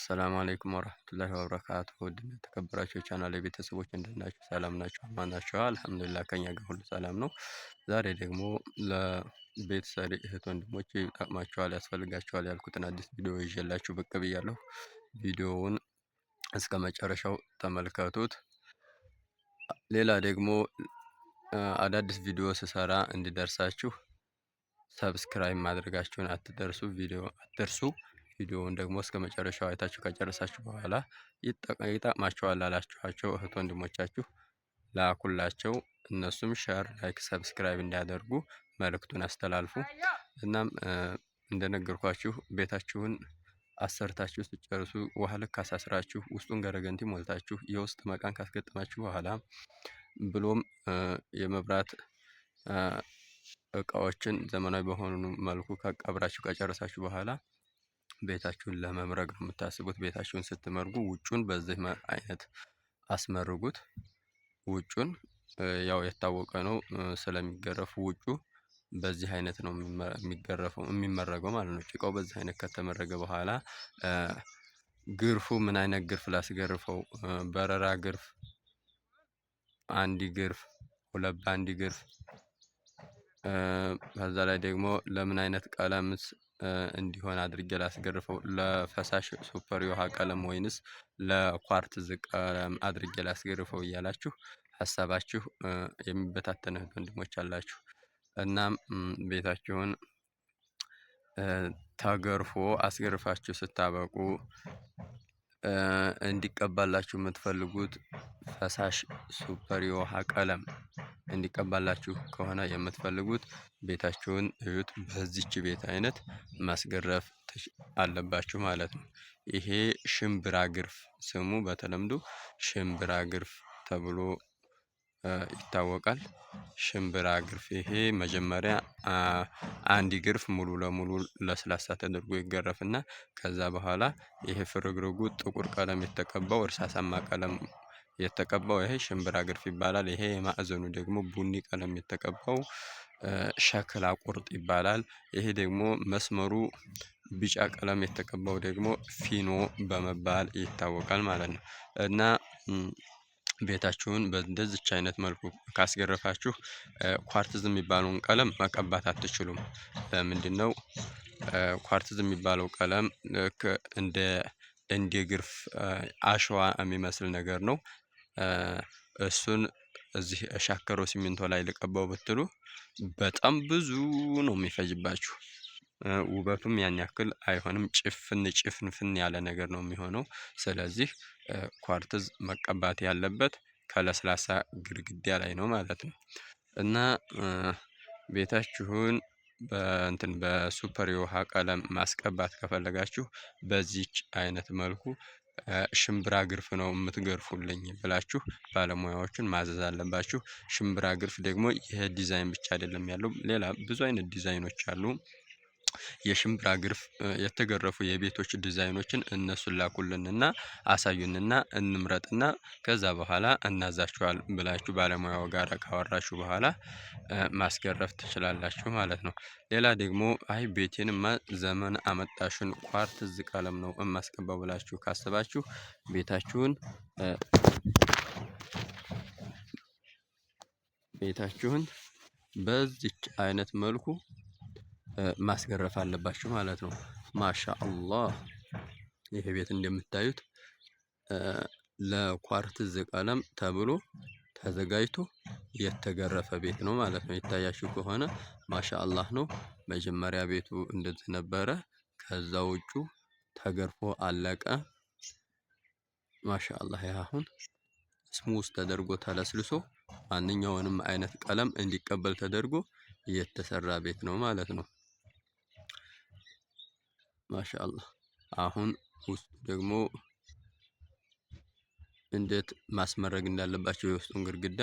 አሰላሙ አለይኩም ወራህመቱላሂ ወበረካቱሁ ውድና የተከበራችሁ የቻናል ቤተሰቦች እንደናችሁ ሰላም ናችሁ? አማን ናችሁ? አልሐምዱሊላህ ከኛ ጋር ሁሉ ሰላም ነው። ዛሬ ደግሞ ለቤት ሰሪ እህት ወንድሞች ይጠቅማችኋል፣ ያስፈልጋችኋል ያልኩትን አዲስ ቪዲዮ ይዤላችሁ ብቅ ብያለሁ። ቪዲዮውን እስከ መጨረሻው ተመልከቱት። ሌላ ደግሞ አዳዲስ ቪዲዮ ስሰራ እንዲደርሳችሁ ሰብስክራይብ ማድረጋችሁን አትደርሱ ቪዲዮ አትደርሱ ቪዲዮውን ደግሞ እስከ መጨረሻው አይታችሁ ከጨረሳችሁ በኋላ ይጠቅማቸዋል ላላችኋቸው እህት ወንድሞቻችሁ ላኩላቸው። እነሱም ሸር፣ ላይክ፣ ሰብስክራይብ እንዲያደርጉ መልእክቱን አስተላልፉ። እናም እንደነገርኳችሁ ቤታችሁን አሰርታችሁ ስትጨርሱ ውሃ ልክ አሳስራችሁ ውስጡን ገረገንቲ ሞልታችሁ የውስጥ መቃን ካስገጠማችሁ በኋላ ብሎም የመብራት እቃዎችን ዘመናዊ በሆኑ መልኩ ቀብራችሁ ከጨረሳችሁ በኋላ ቤታችሁን ለመምረግ ነው የምታስቡት። ቤታችሁን ስትመርጉ ውጩን በዚህ አይነት አስመርጉት። ውጩን ያው የታወቀ ነው ስለሚገረፉ ውጩ በዚህ አይነት ነው የሚገረፈው የሚመረገው ማለት ነው። ጭቃው በዚህ አይነት ከተመረገ በኋላ ግርፉ ምን አይነት ግርፍ ላስገርፈው? በረራ ግርፍ፣ አንዲ ግርፍ፣ ሁለት በአንዲ ግርፍ በዛ ላይ ደግሞ ለምን አይነት ቀለምስ እንዲሆን አድርጌ ላስገርፈው ለፈሳሽ ሱፐር የውሃ ቀለም ወይንስ ለኳርትዝ ቀለም አድርጌ ላስገርፈው እያላችሁ ሀሳባችሁ የሚበታተን እህት ወንድሞች አላችሁ። እናም ቤታችሁን ተገርፎ አስገርፋችሁ ስታበቁ እንዲቀባላችሁ የምትፈልጉት ፈሳሽ ሱፐር የውሃ ቀለም እንዲቀባላችሁ ከሆነ የምትፈልጉት ቤታችሁን እዩት። በዚች ቤት አይነት ማስገረፍ አለባችሁ ማለት ነው። ይሄ ሽምብራ ግርፍ ስሙ በተለምዶ ሽምብራ ግርፍ ተብሎ ይታወቃል። ሽምብራ ግርፍ ይሄ መጀመሪያ አንድ ግርፍ ሙሉ ለሙሉ ለስላሳ ተደርጎ ይገረፍና ከዛ በኋላ ይሄ ፍርግርጉ ጥቁር ቀለም የተቀባው እርሳሳማ ቀለም የተቀባው ይሄ ሽምብራ ግርፍ ይባላል። ይሄ የማዕዘኑ ደግሞ ቡኒ ቀለም የተቀባው ሸክላ ቁርጥ ይባላል። ይሄ ደግሞ መስመሩ ቢጫ ቀለም የተቀባው ደግሞ ፊኖ በመባል ይታወቃል ማለት ነው እና ቤታችሁን በእንደዚች አይነት መልኩ ካስገረፋችሁ ኳርትዝ የሚባለውን ቀለም መቀባት አትችሉም። ለምንድን ነው ኳርትዝ የሚባለው ቀለም እንደ እንደ ግርፍ አሸዋ የሚመስል ነገር ነው። እሱን እዚህ ሻከሮ ሲሚንቶ ላይ ልቀባው ብትሉ በጣም ብዙ ነው የሚፈጅባችሁ። ውበቱም ያን ያክል አይሆንም። ጭፍን ጭፍንፍን ያለ ነገር ነው የሚሆነው። ስለዚህ ኳርትዝ መቀባት ያለበት ከለስላሳ ግድግዳ ላይ ነው ማለት ነው እና ቤታችሁን በእንትን በሱፐር የውሃ ቀለም ማስቀባት ከፈለጋችሁ በዚች አይነት መልኩ ሽምብራ ግርፍ ነው የምትገርፉልኝ ብላችሁ ባለሙያዎቹን ማዘዝ አለባችሁ። ሽምብራ ግርፍ ደግሞ ይህ ዲዛይን ብቻ አይደለም ያለው ሌላ ብዙ አይነት ዲዛይኖች አሉ የሽምብራ ግርፍ የተገረፉ የቤቶች ዲዛይኖችን እነሱን ላኩልንና አሳዩንና እንምረጥና ከዛ በኋላ እናዛችኋል ብላችሁ ባለሙያው ጋር ካወራችሁ በኋላ ማስገረፍ ትችላላችሁ ማለት ነው። ሌላ ደግሞ አይ ቤቴንማ ዘመን አመጣሹን ኳርትዝ ቀለም ነው የማስቀባው ብላችሁ ካስባችሁ ቤታችሁን ቤታችሁን በዚች አይነት መልኩ ማስገረፍ አለባችሁ ማለት ነው። ማሻአላህ ይሄ ቤት እንደምታዩት ለኳርትዝ ቀለም ተብሎ ተዘጋጅቶ የተገረፈ ቤት ነው ማለት ነው። ይታያችሁ ከሆነ ማሻአላህ ነው። መጀመሪያ ቤቱ እንደዚህ ነበረ። ከዛ ውጩ ተገርፎ አለቀ። ማሻአላህ ይህ አሁን ተደርጎ ተለስልሶ ማንኛውንም አይነት ቀለም እንዲቀበል ተደርጎ የተሰራ ቤት ነው ማለት ነው። ማሻአላ። አሁን ውስጡ ደግሞ እንዴት ማስመረግ እንዳለባችሁ የውስጡን ግድግዳ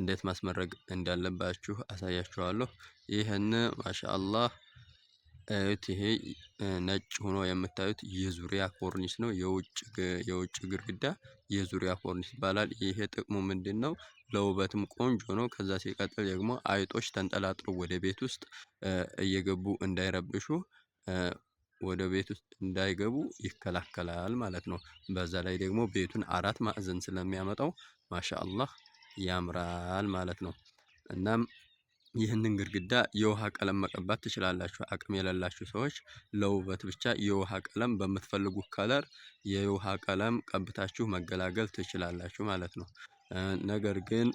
እንዴት ማስመረግ እንዳለባችሁ አሳያችኋለሁ። ይህን ማሻአላህ እዩት። ይሄ ነጭ ሆኖ የምታዩት የዙሪያ ኮርኒስ ነው። የውጭ ግድግዳ የዙሪያ ኮርኒስ ይባላል። ይሄ ጥቅሙ ምንድን ነው? ለውበትም ቆንጆ ነው። ከዛ ሲቀጥል ደግሞ አይጦች ተንጠላጥሎ ወደ ቤት ውስጥ እየገቡ እንዳይረብሹ ወደ ቤት ውስጥ እንዳይገቡ ይከላከላል ማለት ነው። በዛ ላይ ደግሞ ቤቱን አራት ማዕዘን ስለሚያመጣው ማሻአላህ ያምራል ማለት ነው። እናም ይህንን ግድግዳ የውሃ ቀለም መቀባት ትችላላችሁ። አቅም የሌላችሁ ሰዎች ለውበት ብቻ የውሃ ቀለም በምትፈልጉ ከለር የውሃ ቀለም ቀብታችሁ መገላገል ትችላላችሁ ማለት ነው። ነገር ግን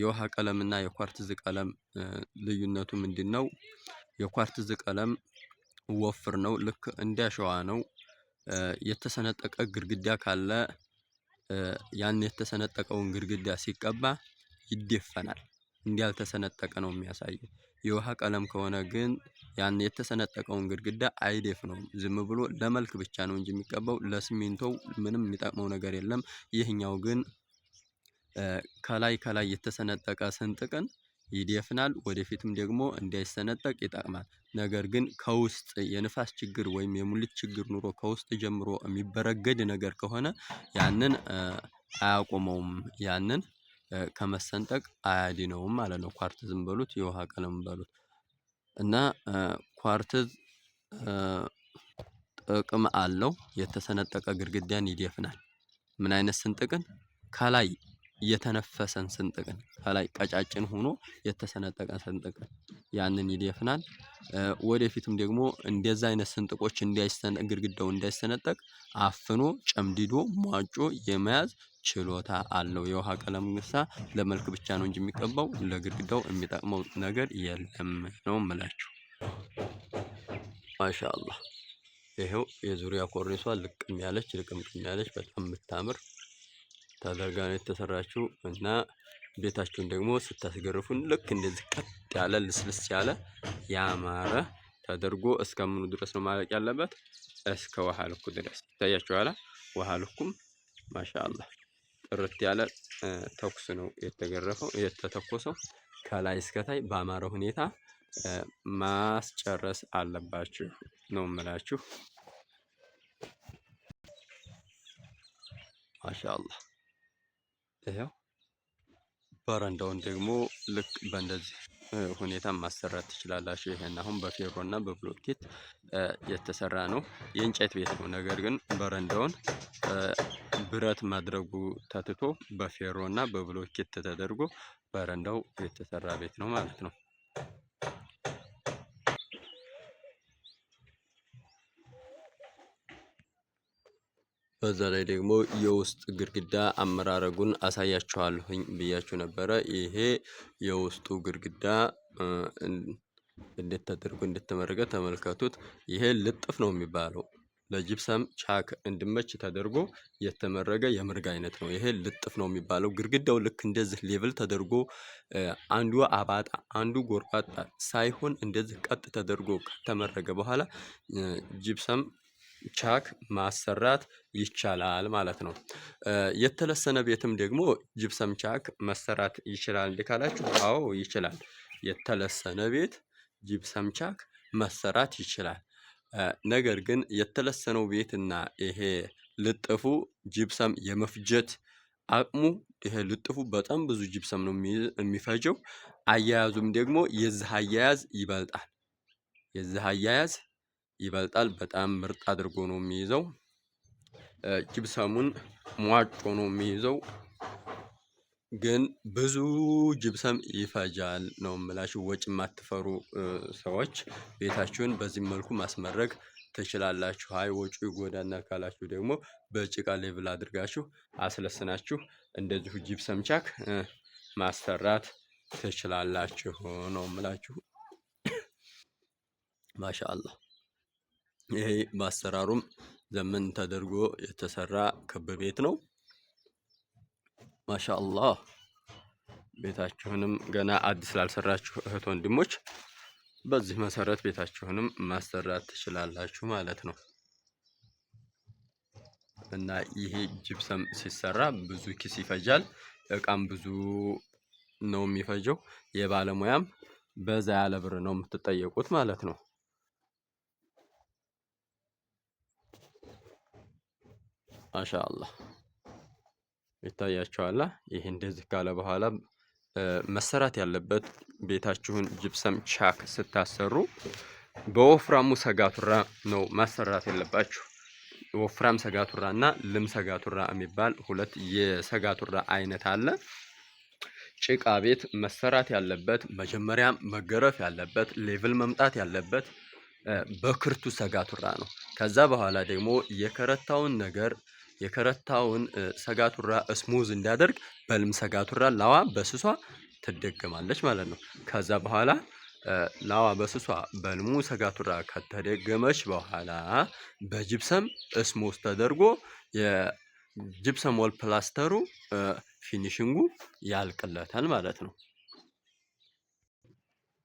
የውሃ ቀለም እና የኳርትዝ ቀለም ልዩነቱ ምንድን ነው? የኳርትዝ ቀለም ወፍር ነው። ልክ እንደ አሸዋ ነው። የተሰነጠቀ ግድግዳ ካለ ያን የተሰነጠቀውን ግድግዳ ሲቀባ ይደፈናል። እንዲያልተሰነጠቀ ነው የሚያሳየው። የውሃ ቀለም ከሆነ ግን ያን የተሰነጠቀውን ግድግዳ አይደፍነውም። ዝም ብሎ ለመልክ ብቻ ነው እንጂ የሚቀባው ለስሚንቶው ምንም የሚጠቅመው ነገር የለም። ይህኛው ግን ከላይ ከላይ የተሰነጠቀ ስንጥቅን ይደፍናል ወደፊትም ደግሞ እንዳይሰነጠቅ ይጠቅማል። ነገር ግን ከውስጥ የንፋስ ችግር ወይም የሙሊት ችግር ኑሮ ከውስጥ ጀምሮ የሚበረገድ ነገር ከሆነ ያንን አያቆመውም ያንን ከመሰንጠቅ አያድነውም ማለት ነው። ኳርትዝም በሉት የውሃ ቀለም በሉት እና ኳርትዝ ጥቅም አለው የተሰነጠቀ ግድግዳን ይደፍናል። ምን አይነት ስንጥቅን ከላይ የተነፈሰን ስንጥቅን ከላይ ቀጫጭን ሆኖ የተሰነጠቀ ስንጥቅን ያንን ይደፍናል። ወደፊትም ደግሞ እንደዛ አይነት ስንጥቆች እንዳይሰነ ግድግዳው እንዳይሰነጠቅ አፍኖ ጨምድዶ ሟጮ የመያዝ ችሎታ አለው። የውሃ ቀለም ንሳ ለመልክ ብቻ ነው እንጂ የሚቀባው ለግድግዳው የሚጠቅመው ነገር የለም ነው የምላችሁ። ማሻአላህ ይኸው የዙሪያ ኮርኒሷ ልቅም ያለች ልቅምቅም ያለች በጣም የምታምር ተደርጋ ነው የተሰራችው እና ቤታችሁን ደግሞ ስታስገርፉን ልክ እንደዚህ ቀጥ ያለ ልስልስ ያለ ያማረ ተደርጎ እስከ ምኑ ድረስ ነው ማለቅ ያለበት? እስከ ውሃ ልኩ ድረስ ይታያችኋል። ውሃ ልኩም ማሻአላ ጥርት ያለ ተኩስ ነው የተገረፈው የተተኮሰው። ከላይ እስከታይ በአማረ ሁኔታ ማስጨረስ አለባችሁ ነው የምላችሁ። ማሻአላ ይኸው በረንዳውን ደግሞ ልክ በእንደዚህ ሁኔታ ማሰራት ትችላላችሁ። ይሄን አሁን በፌሮ እና በብሎኬት የተሰራ ነው፣ የእንጨት ቤት ነው። ነገር ግን በረንዳውን ብረት ማድረጉ ተትቶ በፌሮ እና በብሎኬት ተደርጎ በረንዳው የተሰራ ቤት ነው ማለት ነው። በዛ ላይ ደግሞ የውስጥ ግድግዳ አመራረጉን አሳያችኋለሁኝ ብያችሁ ነበረ። ይሄ የውስጡ ግድግዳ እንዴት ተደርጎ እንደተመረገ ተመልከቱት። ይሄ ልጥፍ ነው የሚባለው ለጅብሰም ቻክ እንድመች ተደርጎ የተመረገ የምርግ አይነት ነው። ይሄ ልጥፍ ነው የሚባለው። ግድግዳው ልክ እንደዚህ ሌቭል ተደርጎ አንዱ አባጣ አንዱ ጎርባጣ ሳይሆን እንደዚህ ቀጥ ተደርጎ ከተመረገ በኋላ ጅብሰም ቻክ ማሰራት ይቻላል ማለት ነው። የተለሰነ ቤትም ደግሞ ጅብሰም ቻክ መሰራት ይችላል ካላችሁ፣ አዎ ይችላል። የተለሰነ ቤት ጅብሰም ቻክ መሰራት ይችላል። ነገር ግን የተለሰነው ቤትና ይሄ ልጥፉ ጅብሰም የመፍጀት አቅሙ ይሄ ልጥፉ በጣም ብዙ ጅብሰም ነው የሚፈጀው። አያያዙም ደግሞ የዚህ አያያዝ ይበልጣል። የዚህ አያያዝ ይበልጣል። በጣም ምርጥ አድርጎ ነው የሚይዘው። ጅብሰሙን ሟጮ ነው የሚይዘው፣ ግን ብዙ ጅብሰም ይፈጃል ነው የምላችሁ። ወጪ የማትፈሩ ሰዎች ቤታችሁን በዚህ መልኩ ማስመረግ ትችላላችሁ። አይ ወጪው ይጎዳናል ካላችሁ ደግሞ በጭቃ ሌብል አድርጋችሁ አስለስናችሁ እንደዚሁ ጅብሰም ቻክ ማሰራት ትችላላችሁ ነው የምላችሁ። ማሻአላህ ይሄ በአሰራሩም ዘመን ተደርጎ የተሰራ ክብ ቤት ነው። ማሻአላህ ቤታችሁንም ገና አዲስ ላልሰራችሁ እህት ወንድሞች በዚህ መሰረት ቤታችሁንም ማሰራት ትችላላችሁ ማለት ነው። እና ይሄ ጅብሰም ሲሰራ ብዙ ኪስ ይፈጃል። እቃም ብዙ ነው የሚፈጀው። የባለሙያም በዛ ያለ ብር ነው የምትጠየቁት ማለት ነው። ማሻላ ይታያቸዋላ። ይህ እንደዚህ ካለ በኋላ መሰራት ያለበት ቤታችሁን ጅብሰም ቻክ ስታሰሩ በወፍራሙ ሰጋቱራ ነው ማሰራት ያለባችሁ። ወፍራም ሰጋቱራ እና ልም ሰጋቱራ የሚባል ሁለት የሰጋቱራ አይነት አለ። ጭቃ ቤት መሰራት ያለበት መጀመሪያ መገረፍ ያለበት ሌቭል መምጣት ያለበት በክርቱ ሰጋቱራ ነው። ከዛ በኋላ ደግሞ የከረታውን ነገር የከረታውን ሰጋቱራ እስሙዝ እንዲያደርግ በልም ሰጋቱራ ላዋ በስሷ ትደገማለች ማለት ነው። ከዛ በኋላ ላዋ በስሷ በልሙ ሰጋቱራ ከተደገመች በኋላ በጅብሰም እስሙዝ ተደርጎ የጅብሰም ወል ፕላስተሩ ፊኒሽንጉ ያልቅለታል ማለት ነው።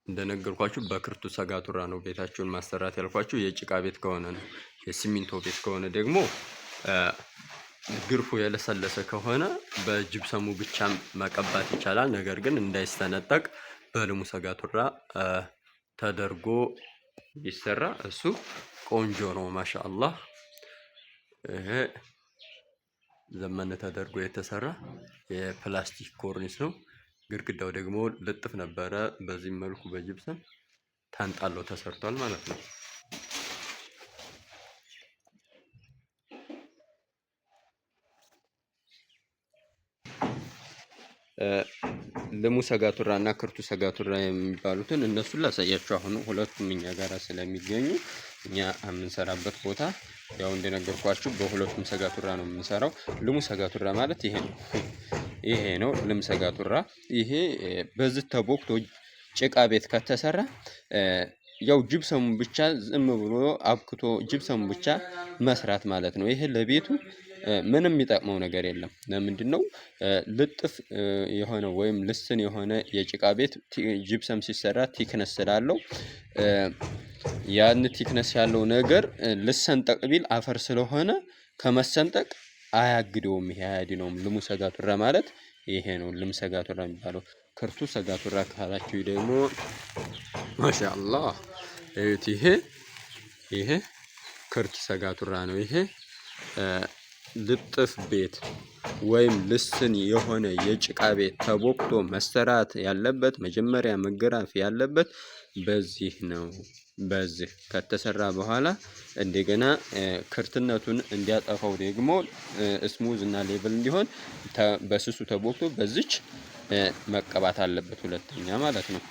እንደነገርኳችሁ በክርቱ ሰጋቱራ ነው ቤታችሁን ማሰራት ያልኳችሁ። የጭቃ ቤት ከሆነ ነው። የሲሚንቶ ቤት ከሆነ ደግሞ ግርፉ የለሰለሰ ከሆነ በጅብሰሙ ብቻ መቀባት ይቻላል። ነገር ግን እንዳይሰነጠቅ በልሙ ሰጋቱራ ተደርጎ ይሰራ። እሱ ቆንጆ ነው። ማሻአላህ ይሄ ዘመነ ተደርጎ የተሰራ የፕላስቲክ ኮርኒስ ነው። ግድግዳው ደግሞ ልጥፍ ነበረ። በዚህም መልኩ በጅብሰም ታንጣሎ ተሰርቷል ማለት ነው። ልሙ ሰጋቱራ እና ክርቱ ሰጋቱራ የሚባሉትን እነሱን ላሳያችሁ። አሁን ሁለቱም እኛ ጋር ስለሚገኙ እኛ የምንሰራበት ቦታ ያው እንደነገርኳችሁ በሁለቱም ሰጋቱራ ነው የምንሰራው። ልሙ ሰጋቱራ ማለት ይሄ ነው። ይሄ ነው ልም ሰጋቱራ። ይሄ በዚህ ተቦክቶ ጭቃ ቤት ከተሰራ ያው ጅብሰሙ ብቻ ዝም ብሎ አብክቶ ጅብሰሙ ብቻ መስራት ማለት ነው። ይሄ ለቤቱ ምንም የሚጠቅመው ነገር የለም። ለምንድን ነው ልጥፍ የሆነ ወይም ልስን የሆነ የጭቃ ቤት ጅብሰም ሲሰራ ቲክነስ ስላለው ያን ቲክነስ ያለው ነገር ልሰንጠቅ ቢል አፈር ስለሆነ ከመሰንጠቅ አያግደውም። ይሄ አያድነውም። ልሙ ሰጋቱራ ማለት ይሄ ነው። ልም ሰጋቱራ የሚባለው ክርቱ ሰጋቱራ ካላችሁ ደግሞ ማሻአላ ይሄ ይሄ ከርቱ ሰጋቱራ ነው ይሄ ልጥፍ ቤት ወይም ልስን የሆነ የጭቃ ቤት ተቦክቶ መሰራት ያለበት መጀመሪያ መገራፍ ያለበት በዚህ ነው። በዚህ ከተሰራ በኋላ እንደገና ክርትነቱን እንዲያጠፋው ደግሞ ስሙዝ እና ሌቭል እንዲሆን በስሱ ተቦክቶ በዚች መቀባት አለበት፣ ሁለተኛ ማለት ነው።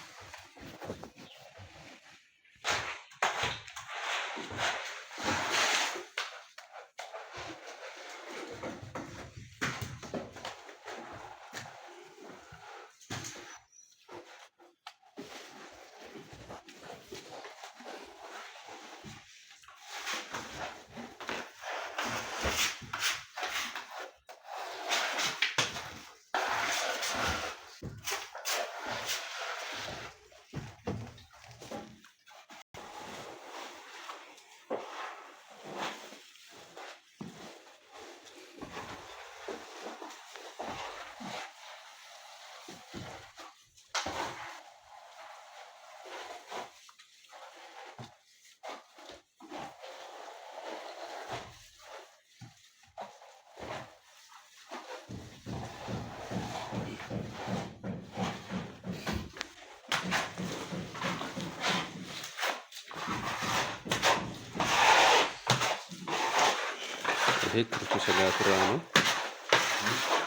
कुर्ती सजा कर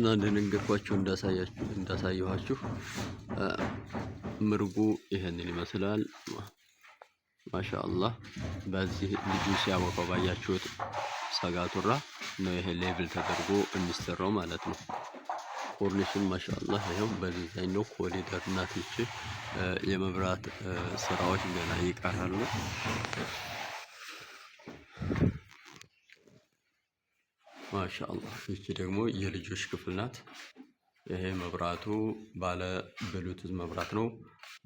እና እንደነገርኳችሁ እንዳሳየኋችሁ ምርጉ ይህንን ይመስላል። ማሻአላህ በዚህ ልጁ ሲያቦካው ባያችሁት ሰጋቱራ ነው። ይሄ ሌቭል ተደርጎ የሚሰራው ማለት ነው። ኮርኒሱን ማሻአላህ ይኸው በዲዛይን ነው። ኮሪደር ናትች የመብራት ስራዎች ገና ይቀራሉ። ማሻአላ ይቺ ደግሞ የልጆች ክፍል ናት። ይሄ መብራቱ ባለ ብሉቱዝ መብራት ነው።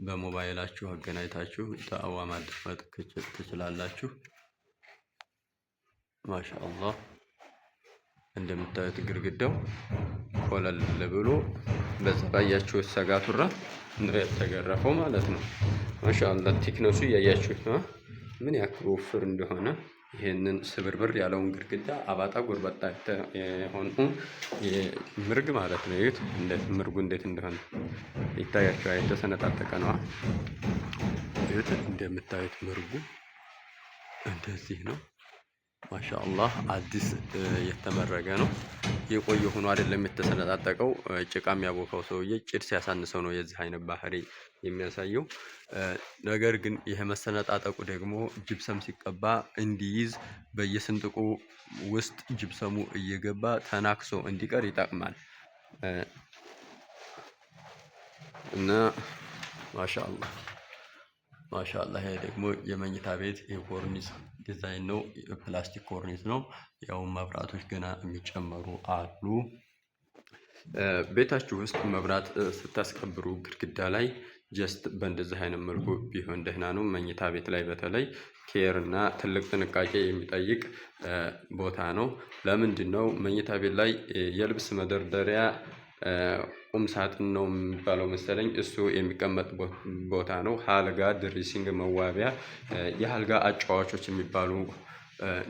በሞባይላችሁ አገናኝታችሁ ዳዕዋ ማድመጥ ትችላላችሁ። ማሻአላ እንደምታዩት ግድግዳው ቆለል ብሎ በዛ ባያችሁ ሰጋቱራ ነው የተገረፈው ማለት ነው። ማሻአላ ቲክነሱ እያያችሁት ምን ያክል ወፍር እንደሆነ ይህንን ስብርብር ያለውን ግድግዳ አባጣ ጎርባጣ የሆኑ ምርግ ማለት ነው። ይዩት እንዴት ምርጉ እንዴት እንደሆነ ይታያቸዋል። የተሰነጣጠቀ ነዋ። ይዩት እንደምታዩት ምርጉ እንደዚህ ነው። ማሻአላህ አዲስ የተመረገ ነው። የቆየ ሆኖ አይደለም የተሰነጣጠቀው። ጭቃ የሚያቦካው ሰውዬ ጭድ ሲያሳንሰው ነው የዚህ አይነት ባህሪ የሚያሳየው። ነገር ግን ይህ መሰነጣጠቁ ደግሞ ጅብሰም ሲቀባ እንዲይዝ በየስንጥቁ ውስጥ ጅብሰሙ እየገባ ተናክሶ እንዲቀር ይጠቅማል እና ማሻአላህ ማሻላ ይሄ ደግሞ የመኝታ ቤት የኮርኒስ ዲዛይን ነው። የፕላስቲክ ኮርኒስ ነው። ያው መብራቶች ገና የሚጨመሩ አሉ። ቤታችሁ ውስጥ መብራት ስታስቀብሩ ግድግዳ ላይ ጀስት በእንደዚህ አይነት መልኩ ቢሆን ደህና ነው። መኝታ ቤት ላይ በተለይ ኬር እና ትልቅ ጥንቃቄ የሚጠይቅ ቦታ ነው። ለምንድን ነው መኝታ ቤት ላይ የልብስ መደርደሪያ ቁም ሳጥን ነው የሚባለው መሰለኝ። እሱ የሚቀመጥ ቦታ ነው። ሀልጋ፣ ድሪሲንግ፣ መዋቢያ፣ የሀልጋ አጫዋቾች የሚባሉ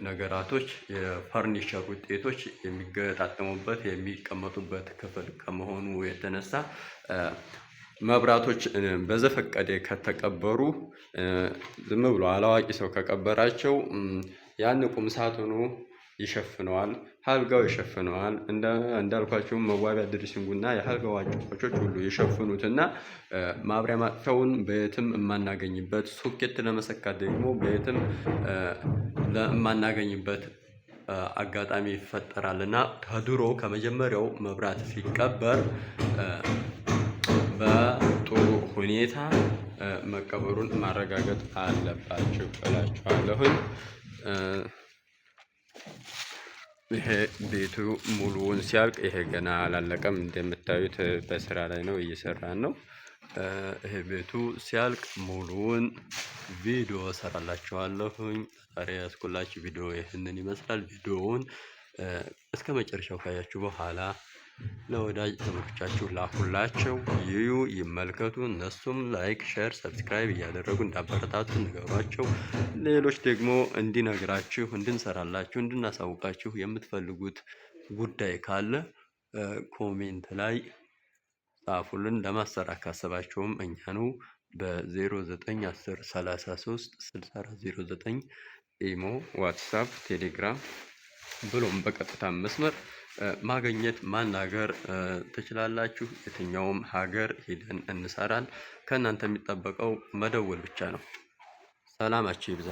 ነገራቶች የፈርኒቸር ውጤቶች የሚገጣጠሙበት የሚቀመጡበት ክፍል ከመሆኑ የተነሳ መብራቶች በዘፈቀደ ከተቀበሩ ዝም ብሎ አላዋቂ ሰው ከቀበራቸው ያን ቁም ሳጥኑ ይሸፍነዋል። ሀልጋው ይሸፍነዋል። እንዳልኳቸውም መዋቢያ ድሪሲንጉና የሀልጋው አጭቆቾች ሁሉ የሸፍኑትና ማብሪያ ማጥፊያውን በየትም የማናገኝበት ሶኬት ለመሰካት ደግሞ በየትም የማናገኝበት አጋጣሚ ይፈጠራል እና ከድሮ ከመጀመሪያው መብራት ሲቀበር በጥሩ ሁኔታ መቀበሩን ማረጋገጥ አለባችሁ እላችኋለሁኝ። ይሄ ቤቱ ሙሉውን ሲያልቅ ይሄ ገና አላለቀም። እንደምታዩት በስራ ላይ ነው፣ እየሰራን ነው። ይሄ ቤቱ ሲያልቅ ሙሉውን ቪዲዮ ሰራላችኋለሁኝ። ዛሬ ያስኩላችሁ ቪዲዮ ይህንን ይመስላል። ቪዲዮውን እስከ መጨረሻው ካያችሁ በኋላ ለወዳጅ ዘመዶቻችሁ ላኩላቸው፣ ይዩ፣ ይመልከቱ። እነሱም ላይክ፣ ሸር፣ ሰብስክራይብ እያደረጉ እንዳበረታቱ ንገሯቸው። ሌሎች ደግሞ እንዲነግራችሁ፣ እንድንሰራላችሁ፣ እንድናሳውቃችሁ የምትፈልጉት ጉዳይ ካለ ኮሜንት ላይ ጻፉልን። ለማሰራት ካሰባችሁም እኛ ነው በ0910336409 ኢሞ፣ ዋትሳፕ፣ ቴሌግራም ብሎም በቀጥታ መስመር ማግኘት ማናገር ትችላላችሁ። የትኛውም ሀገር ሄደን እንሰራን። ከእናንተ የሚጠበቀው መደወል ብቻ ነው። ሰላማችሁ ይብዛ።